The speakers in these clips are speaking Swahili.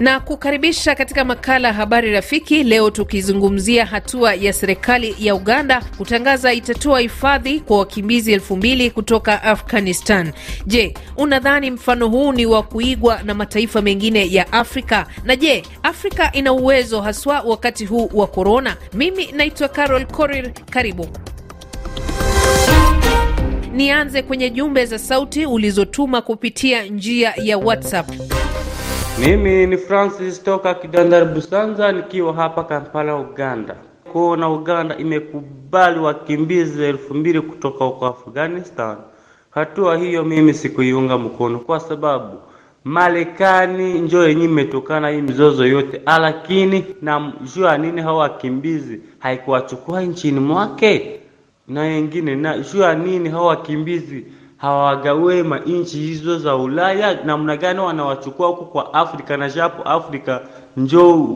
na kukaribisha katika makala ya habari rafiki. Leo tukizungumzia hatua ya serikali ya Uganda kutangaza itatoa hifadhi kwa wakimbizi elfu kutoka Afghanistan. Je, unadhani mfano huu ni wa kuigwa na mataifa mengine ya Afrika? Na je, Afrika ina uwezo haswa wakati huu wa korona? Mimi naitwa Carol corir karibu Nianze kwenye jumbe za sauti ulizotuma kupitia njia ya WhatsApp. Mimi ni Francis toka Kidandari Busanza, nikiwa hapa Kampala, Uganda. Kuona Uganda imekubali wakimbizi elfu mbili kutoka huko Afghanistan, hatua hiyo mimi sikuiunga mkono kwa sababu Marekani njo yenyewe imetokana hii mizozo yote, lakini na jua nini hao wakimbizi haikuwachukua nchini mwake? na wengine, na shua ya nini hao wakimbizi hawagawe mainchi hizo za Ulaya? Namna gani wanawachukua huko kwa Afrika na japo Afrika njo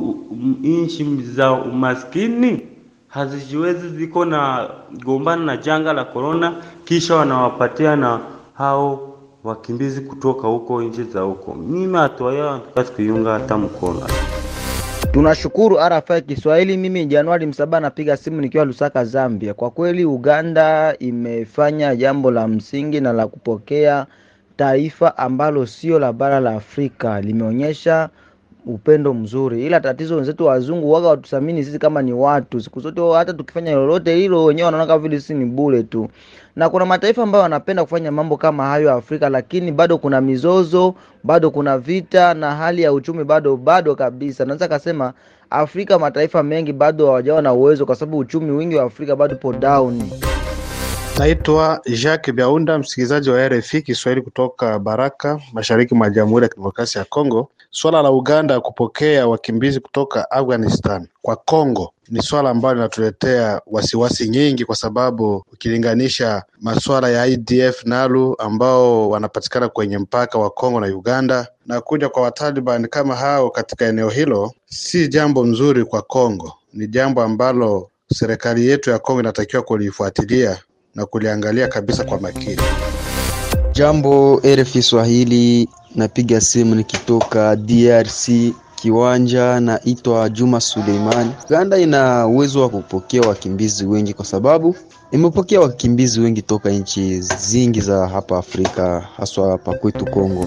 inchi za umaskini hazijiwezi ziko na gombana na janga la korona, kisha wanawapatia na hao wakimbizi kutoka huko nchi za huko. Mimi hatua yao hatukati hata mkono. Tunashukuru RFI Kiswahili. Mimi Januari Msaba napiga simu nikiwa Lusaka, Zambia. Kwa kweli Uganda imefanya jambo la msingi na la kupokea taifa ambalo sio la bara la Afrika limeonyesha upendo mzuri, ila tatizo wenzetu wazungu waga watuthamini sisi kama ni watu siku zote, hata tukifanya lolote hilo wenyewe wanaona kama vile sisi ni bure tu. Na kuna mataifa ambayo wanapenda kufanya mambo kama hayo Afrika, lakini bado kuna mizozo, bado kuna vita na hali ya uchumi bado bado kabisa. Naweza kasema Afrika, mataifa mengi bado hawajawa na uwezo, kwa sababu uchumi wingi wa Afrika bado po down. Naitwa Jacques Byaunda, msikilizaji wa RFI Kiswahili kutoka Baraka, mashariki mwa Jamhuri ya Kidemokrasia ya Kongo swala la Uganda kupokea wakimbizi kutoka Afghanistan kwa Kongo ni swala ambalo linatuletea wasiwasi nyingi, kwa sababu ukilinganisha masuala ya IDF NALU ambao wanapatikana kwenye mpaka wa Kongo na Uganda, na kuja kwa Wataliban kama hao katika eneo hilo si jambo mzuri kwa Kongo. Ni jambo ambalo serikali yetu ya Kongo inatakiwa kulifuatilia na kuliangalia kabisa kwa makini. Jambo RFI Swahili napiga simu nikitoka DRC kiwanja na itwa Juma Suleimani. Uganda ina uwezo wa kupokea wakimbizi wengi kwa sababu imepokea wakimbizi wengi toka nchi zingi za hapa Afrika, haswa hapa kwetu Kongo.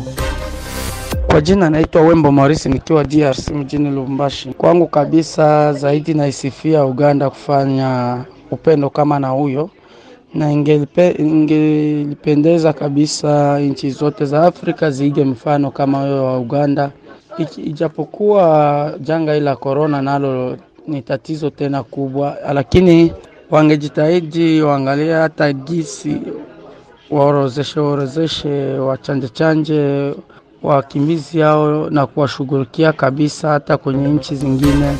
Kwa jina naitwa Wembo Maurisi nikiwa DRC mjini Lubumbashi. Kwangu kabisa zaidi naisifia Uganda kufanya upendo kama na huyo na ingelipendeza kabisa nchi zote za Afrika ziige mfano kama huyo wa Uganda. Ijapokuwa janga hili la korona nalo ni tatizo tena kubwa, lakini wangejitahidi waangalie hata gisi waorozeshe orozeshe wachanje chanje wakimbizi hao na kuwashughulikia kabisa hata kwenye nchi zingine.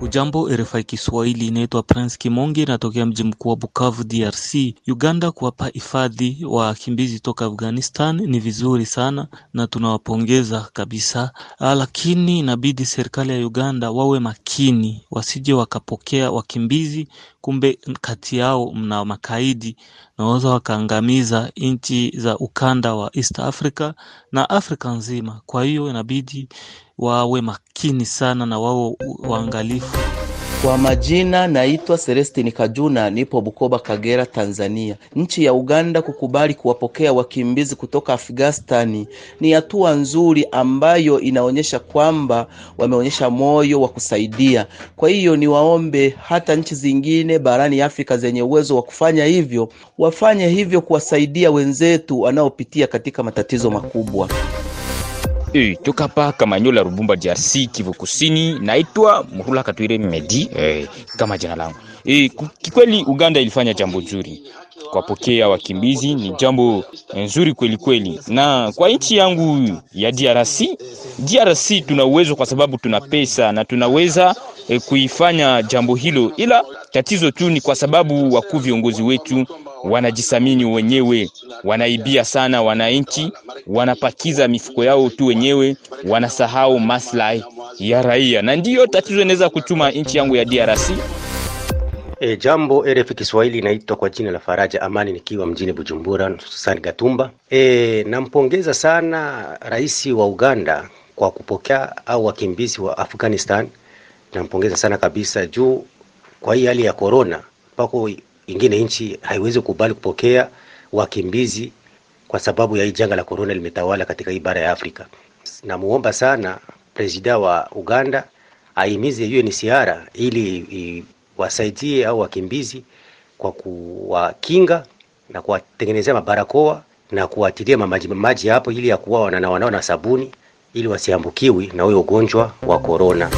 Ujambo RFI Kiswahili, inaitwa Prince Kimonge, inatokea mji mkuu wa Bukavu, DRC. Uganda kuwapa hifadhi wakimbizi toka Afghanistan ni vizuri sana na tunawapongeza kabisa, ah, lakini inabidi serikali ya Uganda wawe makini, wasije wakapokea wakimbizi kumbe kati yao mna makaidi na wakaangamiza nchi za ukanda wa East Africa na Afrika nzima. Kwa hiyo inabidi wawe makini sana na wao waangalifu. Kwa majina naitwa Celestine Kajuna, nipo Bukoba, Kagera, Tanzania. Nchi ya Uganda kukubali kuwapokea wakimbizi kutoka Afghanistani ni hatua nzuri ambayo inaonyesha kwamba wameonyesha moyo wa kusaidia. Kwa hiyo niwaombe hata nchi zingine barani Afrika zenye uwezo wa kufanya hivyo wafanye hivyo, kuwasaidia wenzetu wanaopitia katika matatizo makubwa. E, toka hapa Kamanyola, Rubumba, DRC, Kivu Kusini. Naitwa Murula Katwire Medi e, kama jina langu e. Kikweli Uganda ilifanya jambo zuri pokea wakimbizi, ni jambo nzuri kweli kweli, na kwa nchi yangu ya DRC, DRC tuna uwezo kwa sababu tuna pesa na tunaweza e, kuifanya jambo hilo, ila tatizo tu ni kwa sababu wakuu viongozi wetu wanajisamini wenyewe, wanaibia sana wananchi wanapakiza mifuko yao tu wenyewe, wanasahau maslahi ya raia, na ndiyo tatizo inaweza kuchuma nchi yangu ya DRC. E, jambo RFI Kiswahili, inaitwa kwa jina la Faraja Amani nikiwa mjini Bujumbura, hususani Gatumba. E, nampongeza sana rais wa Uganda kwa kupokea au wakimbizi wa Afghanistan. Nampongeza sana kabisa juu kwa hii hali ya corona, pako ingine nchi haiwezi kukubali kupokea wakimbizi kwa sababu ya hii janga la corona limetawala katika hii bara ya Afrika. Namuomba sana presida wa Uganda ahimize UNHCR ili wasaidie au wakimbizi kwa kuwakinga na kuwatengenezea mabarakoa na kuwatilia maji maji hapo ili ya kuwa na wanao na sabuni ili wasiambukiwi na huyo ugonjwa wa corona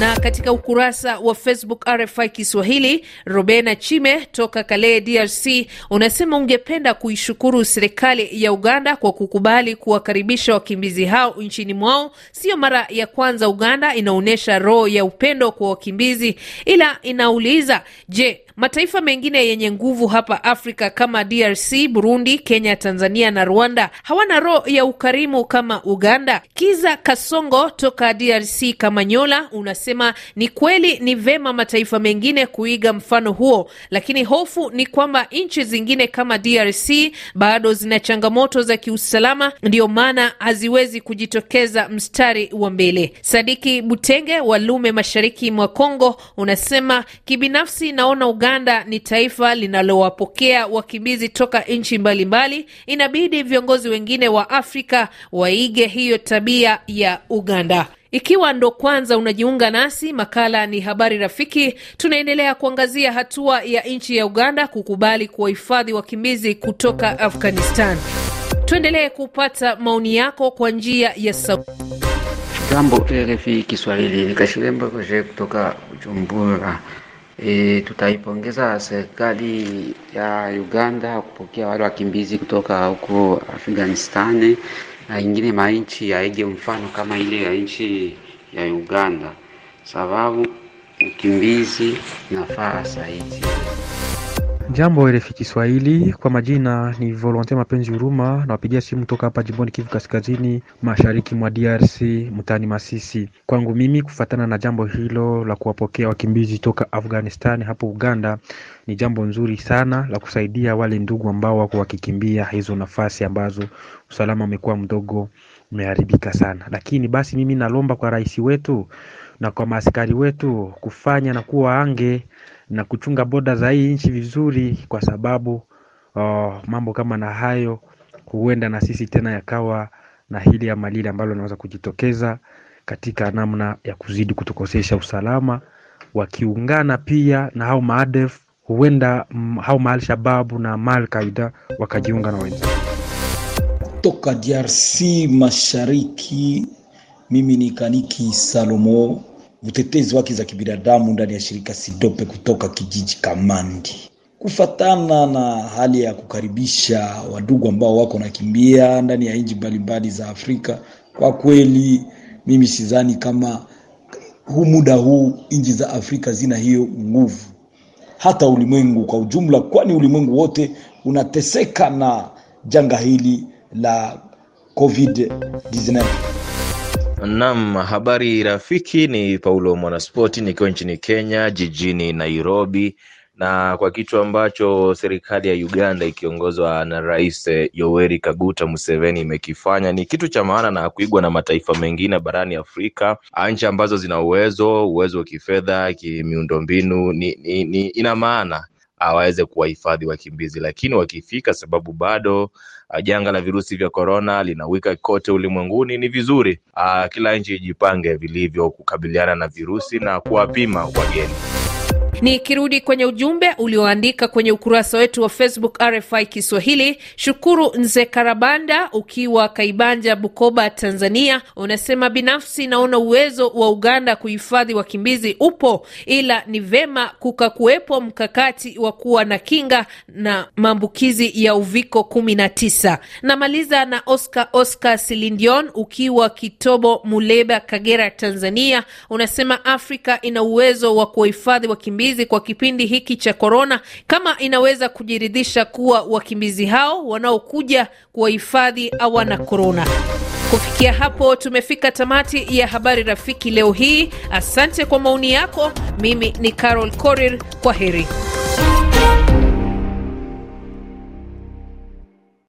na katika ukurasa wa Facebook RFI Kiswahili, Robena Chime toka Kale, DRC, unasema ungependa kuishukuru serikali ya Uganda kwa kukubali kuwakaribisha wakimbizi hao nchini mwao. Sio mara ya kwanza Uganda inaonyesha roho ya upendo kwa wakimbizi, ila inauliza je, mataifa mengine yenye nguvu hapa Afrika kama DRC, Burundi, Kenya, Tanzania na Rwanda hawana roho ya ukarimu kama Uganda? Kiza Kasongo toka DRC Kamanyola unasema anasema ni kweli ni vema mataifa mengine kuiga mfano huo, lakini hofu ni kwamba nchi zingine kama DRC bado zina changamoto za kiusalama, ndiyo maana haziwezi kujitokeza mstari wa mbele. Sadiki Butenge wa Lume, mashariki mwa Kongo, unasema kibinafsi, naona Uganda ni taifa linalowapokea wakimbizi toka nchi mbalimbali. Inabidi viongozi wengine wa Afrika waige hiyo tabia ya Uganda. Ikiwa ndo kwanza unajiunga nasi, makala ni habari rafiki. Tunaendelea kuangazia hatua ya nchi ya Uganda kukubali kuwahifadhi wakimbizi kutoka Afghanistan. Tuendelee kupata maoni yako kwa njia ya sauti. Jambo RFI Kiswahili, Nikashiremba Roje kutoka Bujumbura. E, tutaipongeza serikali ya Uganda kupokea wale wakimbizi kutoka huko Afghanistani na ingine manchi yaige mfano kama ile ya nchi ya Uganda, sababu ukimbizi nafaa saizi. Jambo RFI Kiswahili, kwa majina ni Volonte Mapenzi Huruma, nawapigia simu toka hapa jimboni Kivu Kaskazini, mashariki mwa DRC, mtani Masisi. Kwangu mimi, kufatana na jambo hilo la kuwapokea wakimbizi toka Afghanistan hapo Uganda, ni jambo nzuri sana la kusaidia wale ndugu ambao wako wakikimbia hizo nafasi ambazo usalama umekuwa mdogo, umeharibika sana. Lakini basi mimi nalomba kwa rais wetu na kwa maaskari wetu kufanya na kuwa ange na kuchunga boda za hii nchi vizuri, kwa sababu oh, mambo kama na hayo huenda na sisi tena yakawa na hili ya malili ambalo linaweza kujitokeza katika namna ya kuzidi kutukosesha usalama, wakiungana pia na hao maadef, huenda mm, hao maalshababu shababu na maal wakajiunga na wenzao toka DRC mashariki. Mimi ni Kaniki Salomo utetezi wake za kibinadamu ndani ya shirika Sidope kutoka kijiji Kamandi. Kufatana na hali ya kukaribisha wadugu ambao wako nakimbia ndani ya nchi mbalimbali za Afrika, kwa kweli mimi sidhani kama huu muda huu nchi za Afrika zina hiyo nguvu, hata ulimwengu kwa ujumla, kwani ulimwengu wote unateseka na janga hili la COVID-19. Naam, habari rafiki, ni Paulo Mwanaspoti nikiwa nchini Kenya jijini Nairobi, na kwa kitu ambacho serikali ya Uganda ikiongozwa na Rais eh, Yoweri Kaguta Museveni imekifanya ni kitu cha maana na kuigwa na mataifa mengine barani Afrika, ah, nchi ambazo zina uwezo uwezo wa kifedha, kimiundombinu, ni, ni, ni ina maana awaweze ah, kuwahifadhi wakimbizi, lakini wakifika, sababu bado Ah, janga la virusi vya korona linawika kote ulimwenguni, ni vizuri ah, kila nchi ijipange vilivyo kukabiliana na virusi na kuwapima wageni. Nikirudi kwenye ujumbe ulioandika kwenye ukurasa wetu wa Facebook RFI Kiswahili, Shukuru Nze Karabanda ukiwa Kaibanja, Bukoba, Tanzania, unasema binafsi naona uwezo wa Uganda kuhifadhi wakimbizi upo, ila ni vema kukakuwepo mkakati wa kuwa na kinga na maambukizi ya uviko kumi na tisa. Namaliza na Oscar Oscar Silindion ukiwa Kitobo, Muleba, Kagera, Tanzania, unasema Afrika ina uwezo wa kuwahifadhi wakimbizi wakimbizi kwa kipindi hiki cha korona, kama inaweza kujiridhisha kuwa wakimbizi hao wanaokuja kuwahifadhi hawana korona. Kufikia hapo tumefika tamati ya habari rafiki leo hii. Asante kwa maoni yako. Mimi ni Carol Korir, kwa heri.